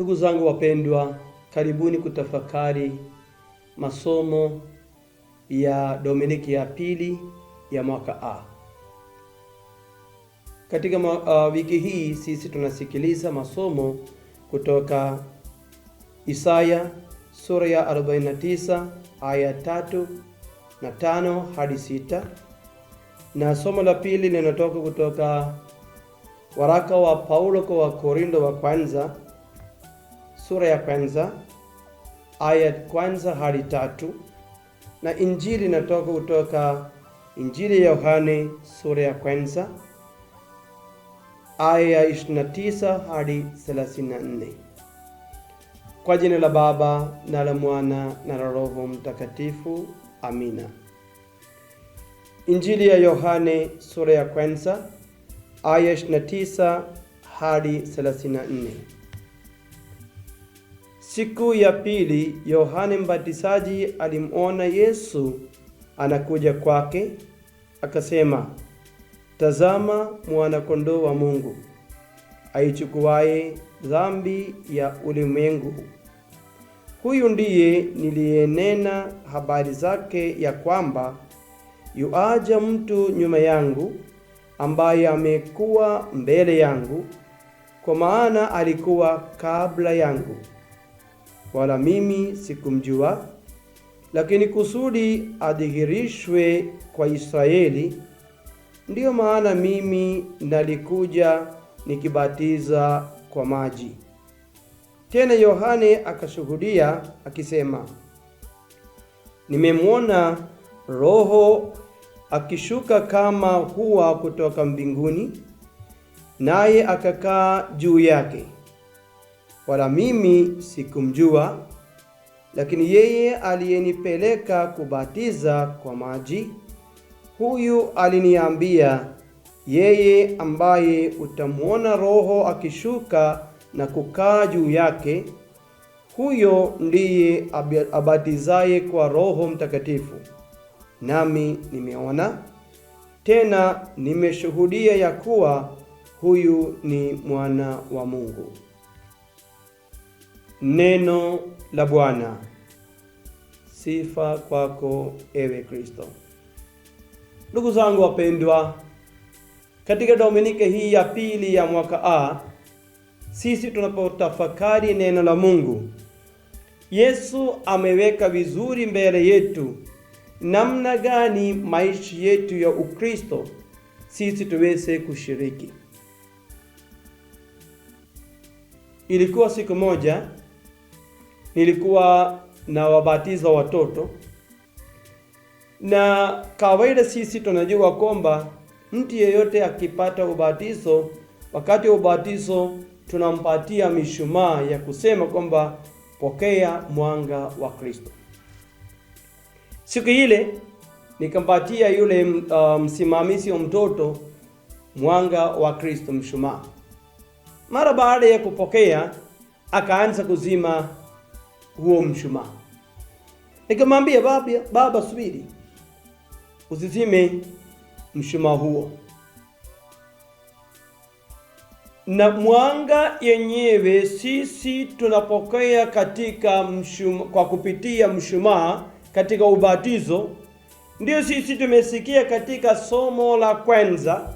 Ndugu zangu wapendwa, karibuni kutafakari masomo ya Dominiki ya pili ya mwaka A. Katika uh, wiki hii sisi tunasikiliza masomo kutoka Isaya sura ya 49 aya tatu na tano hadi sita na somo la pili linatoka kutoka waraka wa Paulo kwa korindo wa kwanza sura ya kwanza aya kwanza hadi tatu na injili inatoka kutoka Injili ya Yohane sura ya kwanza aya ya 29 hadi 34. Kwa jina la Baba na la Mwana na la Roho Mtakatifu, amina. Injili ya Yohane sura ya kwanza aya 29 hadi 34. Siku ya pili Yohane Mbatizaji alimwona Yesu anakuja kwake, akasema, tazama mwana-kondoo wa Mungu aichukuaye dhambi ya ulimwengu. Huyu ndiye niliyenena habari zake ya kwamba yuaja mtu nyuma yangu, ambaye amekuwa mbele yangu, kwa maana alikuwa kabla yangu wala mimi sikumjua, lakini kusudi adhihirishwe kwa Israeli. Ndiyo maana mimi nalikuja nikibatiza kwa maji. Tena Yohane akashuhudia akisema, nimemwona Roho akishuka kama huwa kutoka mbinguni, naye akakaa juu yake wala mimi sikumjua, lakini yeye aliyenipeleka kubatiza kwa maji, huyu aliniambia, yeye ambaye utamwona Roho akishuka na kukaa juu yake, huyo ndiye abatizaye kwa Roho Mtakatifu. Nami nimeona tena nimeshuhudia ya kuwa huyu ni mwana wa Mungu. Neno la Bwana. Sifa kwako ewe Kristo. Ndugu zangu wapendwa, katika dominike hii ya pili ya mwaka A, sisi tunapotafakari neno la Mungu, Yesu ameweka vizuri mbele yetu namna gani maisha yetu ya Ukristo sisi tuweze kushiriki. Ilikuwa siku moja nilikuwa na wabatiza watoto, na kawaida sisi tunajua kwamba mtu yeyote akipata ubatizo, wakati wa ubatizo tunampatia mishumaa ya kusema kwamba pokea mwanga wa Kristo. Siku ile nikampatia yule uh, msimamizi wa mtoto mwanga wa Kristo mshumaa. Mara baada ya kupokea, akaanza kuzima huo mshumaa. Nikamwambia baba, baba subiri, usizime mshumaa huo, na mwanga yenyewe sisi tunapokea katika mshuma, kwa kupitia mshumaa katika ubatizo. Ndiyo sisi tumesikia katika somo la kwanza,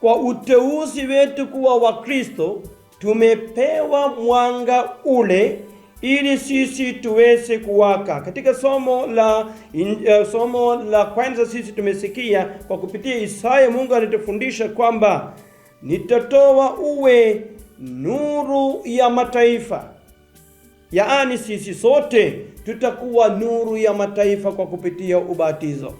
kwa uteuzi wetu kuwa Wakristo tumepewa mwanga ule ili sisi tuweze kuwaka. Katika somo la uh, somo la kwanza sisi tumesikia kwa kupitia Isaya, Mungu alitufundisha kwamba nitatoa uwe nuru ya mataifa, yaani sisi sote tutakuwa nuru ya mataifa kwa kupitia ubatizo.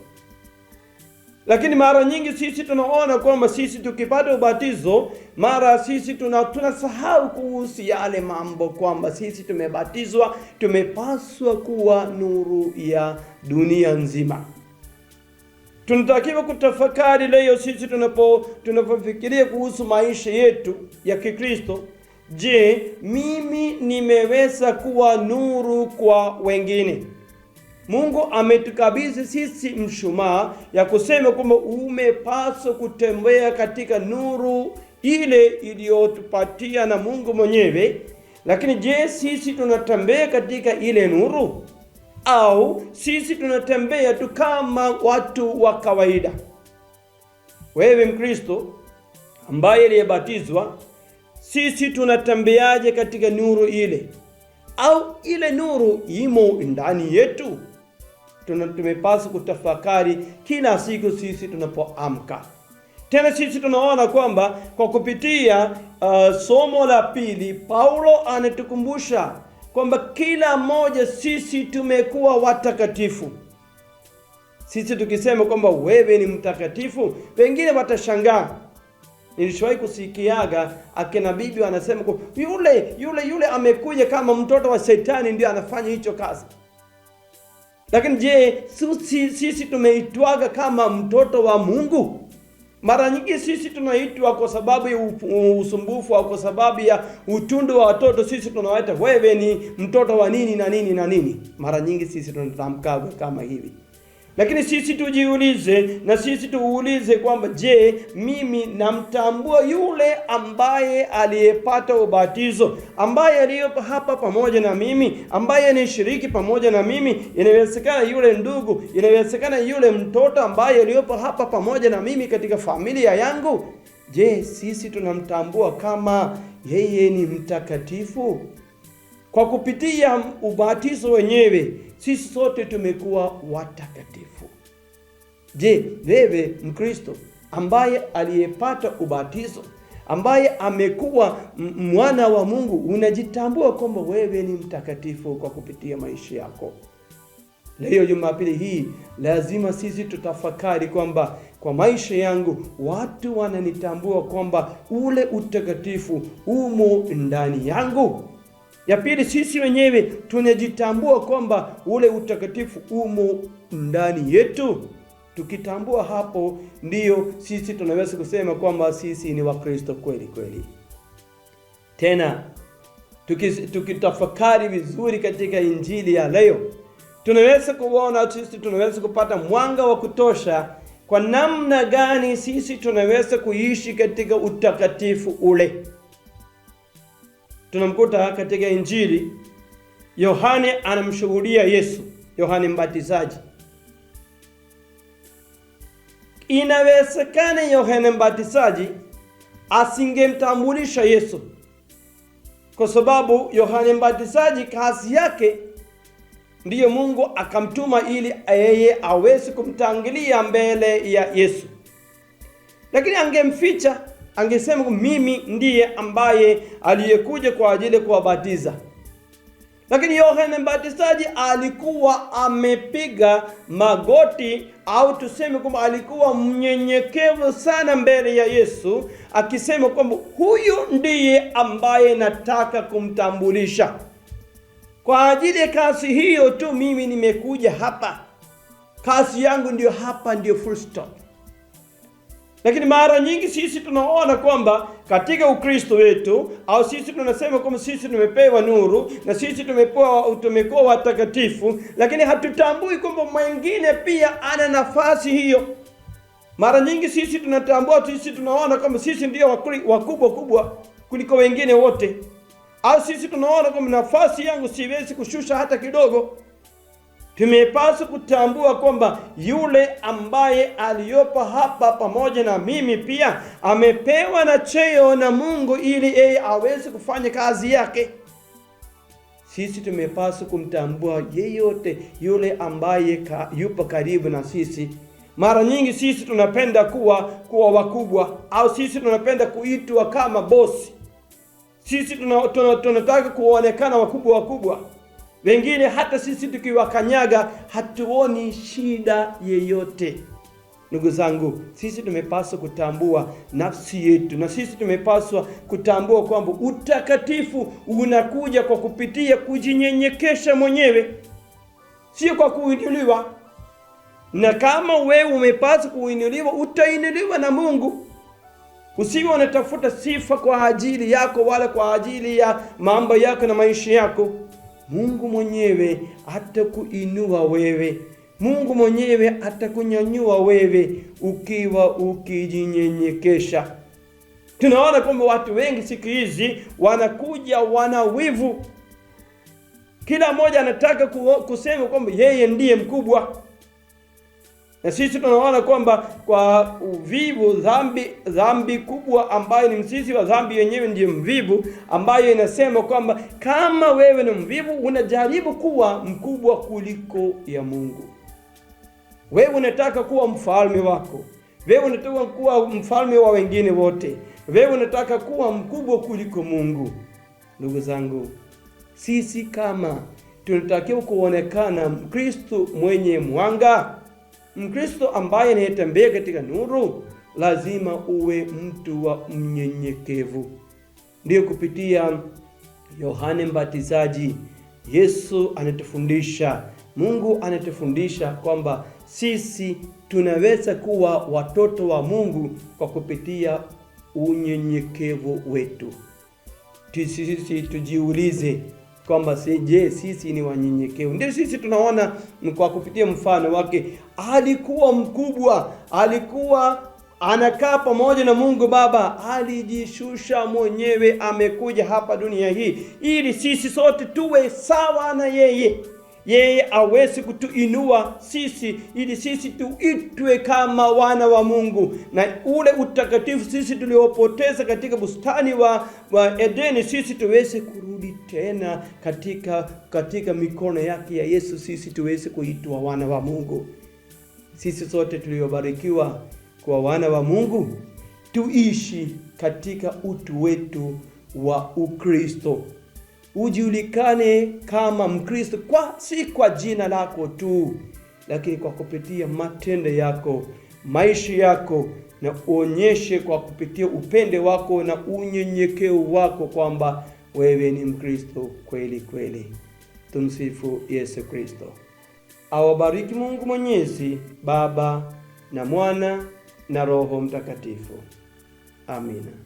Lakini mara nyingi sisi tunaona kwamba sisi tukipata ubatizo, mara sisi tuna tunasahau kuhusu yale mambo kwamba sisi tumebatizwa, tumepaswa kuwa nuru ya dunia nzima. Tunatakiwa kutafakari leo sisi tunapo tunapofikiria kuhusu maisha yetu ya Kikristo. Je, mimi nimeweza kuwa nuru kwa wengine? Mungu ametukabidhi sisi mshumaa ya kusema kwamba umepaswa kutembea katika nuru ile iliyotupatia na Mungu mwenyewe. Lakini je, sisi tunatembea katika ile nuru au sisi tunatembea tu kama watu wa kawaida? Wewe Mkristo ambaye aliyebatizwa, sisi tunatembeaje katika nuru ile? Au ile nuru imo ndani yetu? tumepaswa kutafakari kila siku sisi tunapoamka. Tena sisi tunaona kwamba kwa kupitia uh, somo la pili Paulo anatukumbusha kwamba kila mmoja sisi tumekuwa watakatifu. Sisi tukisema kwamba wewe ni mtakatifu, wengine watashangaa. Nilishawahi kusikiaga akina bibi anasema yule yule yule amekuja kama mtoto wa Shetani, ndio anafanya hicho kazi. Lakini je, sisi, sisi tumeitwaga kama mtoto wa Mungu? Mara nyingi sisi tunaitwa kwa sababu ya usumbufu au kwa sababu ya utundu wa watoto, sisi tunawaita wewe ni mtoto wa nini na nini na nini. Mara nyingi sisi tunatamka kama hivi. Lakini sisi tujiulize na sisi tuulize kwamba je, mimi namtambua yule ambaye aliyepata ubatizo, ambaye aliyo hapa pamoja na mimi, ambaye ni shiriki pamoja na mimi? Inawezekana yule ndugu, inawezekana yule mtoto ambaye aliyopo hapa pamoja na mimi katika familia yangu. Je, sisi tunamtambua kama yeye ni mtakatifu? Kwa kupitia ubatizo wenyewe sisi sote tumekuwa watakatifu. Je, wewe Mkristo ambaye aliyepata ubatizo, ambaye amekuwa mwana wa Mungu, unajitambua kwamba wewe ni mtakatifu kwa kupitia maisha yako? Leo Jumapili hii lazima sisi tutafakari kwamba kwa maisha yangu watu wananitambua kwamba ule utakatifu umo ndani yangu. Ya pili, sisi wenyewe tunajitambua kwamba ule utakatifu umo ndani yetu. Tukitambua hapo, ndiyo sisi tunaweza kusema kwamba sisi ni Wakristo kweli kweli. Tena tukitafakari vizuri katika injili ya leo, tunaweza kuona sisi tunaweza kupata mwanga wa kutosha kwa namna gani sisi tunaweza kuishi katika utakatifu ule tunamkuta katika Injili Yohane anamshuhudia Yesu, Yohane Mbatizaji. Inawezekana Yohane Mbatizaji asingemtambulisha Yesu, kwa sababu Yohane Mbatizaji kazi yake ndiyo Mungu akamtuma ili yeye aweze kumtangilia mbele ya Yesu, lakini angemficha angesema mimi ndiye ambaye aliyekuja kwa ajili ya kuwabatiza, lakini Yohane Mbatizaji alikuwa amepiga magoti au tuseme kwamba alikuwa mnyenyekevu sana mbele ya Yesu, akisema kwamba huyu ndiye ambaye nataka kumtambulisha. Kwa ajili ya kazi hiyo tu mimi nimekuja hapa, kazi yangu ndiyo hapa, ndiyo full stop. Lakini mara nyingi sisi tunaona kwamba katika Ukristo wetu au sisi tunasema kwamba sisi tumepewa nuru na sisi tumepewa tumekuwa watakatifu, lakini hatutambui kwamba mwingine pia ana nafasi hiyo. Mara nyingi sisi tunatambua, sisi tunaona kwamba sisi ndio wakubwa kubwa kuliko wengine wote, au sisi tunaona kwamba nafasi yangu siwezi kushusha hata kidogo. Tumepaswa kutambua kwamba yule ambaye aliyopo hapa pamoja na mimi pia amepewa na cheo na Mungu ili yeye aweze kufanya kazi yake. Sisi tumepaswa kumtambua yeyote yule ambaye ka, yupo karibu na sisi. Mara nyingi sisi tunapenda kuwa kuwa wakubwa au sisi tunapenda kuitwa kama bosi. Sisi tunataka kuonekana wakubwa wakubwa. Wengine hata sisi tukiwakanyaga hatuoni shida yeyote. Ndugu zangu, sisi tumepaswa kutambua nafsi yetu, na sisi tumepaswa kutambua kwamba utakatifu unakuja kwa kupitia kujinyenyekesha mwenyewe, sio kwa kuinuliwa. Na kama wewe umepaswa kuinuliwa, utainuliwa na Mungu. Usiwe unatafuta sifa kwa ajili yako wala kwa ajili ya mambo yako na maisha yako. Mungu mwenyewe atakuinua wewe. Mungu mwenyewe atakunyanyua wewe ukiwa ukijinyenyekesha. Tunaona kwamba watu wengi siku hizi wanakuja wana wivu, kila mmoja anataka kusema kwamba yeye ndiye mkubwa. Na sisi tunaona kwamba kwa uvivu dhambi dhambi kubwa ambayo ni msisi wa dhambi yenyewe ndiyo mvivu, ambayo inasema kwamba kama wewe ni mvivu, unajaribu kuwa mkubwa kuliko ya Mungu. Wewe unataka kuwa mfalme wako, wewe unataka kuwa mfalme wa wengine wote, wewe unataka kuwa mkubwa kuliko Mungu. Ndugu zangu, sisi kama tunatakiwa kuonekana Mkristo mwenye mwanga Mkristo ambaye anayetembea katika nuru lazima uwe mtu wa mnyenyekevu. Ndiyo, kupitia Yohane Mbatizaji Yesu anatufundisha, Mungu anatufundisha kwamba sisi tunaweza kuwa watoto wa Mungu kwa kupitia unyenyekevu wetu. Sisi tujiulize kwamba je, sisi ni wanyenyekevu? Ndio sisi tunaona kwa kupitia mfano wake, alikuwa mkubwa, alikuwa anakaa pamoja na Mungu Baba, alijishusha mwenyewe, amekuja hapa dunia hii ili sisi sote tuwe sawa na yeye yeye awezi kutuinua sisi ili sisi tuitwe kama wana wa Mungu, na ule utakatifu sisi tuliopoteza katika bustani wa, wa Edeni, sisi tuweze kurudi tena katika katika mikono yake ya Yesu, sisi tuweze kuitwa wana wa Mungu. Sisi sote tuliobarikiwa kwa wana wa Mungu, tuishi katika utu wetu wa Ukristo ujulikane kama Mkristo kwa si kwa jina lako tu, lakini kwa kupitia matendo yako, maisha yako, na uonyeshe kwa kupitia upende wako na unyenyekeo wako kwamba wewe ni Mkristo kweli kweli. Tumsifu Yesu Kristo. Awabariki Mungu Mwenyezi, Baba na Mwana na Roho Mtakatifu. Amina.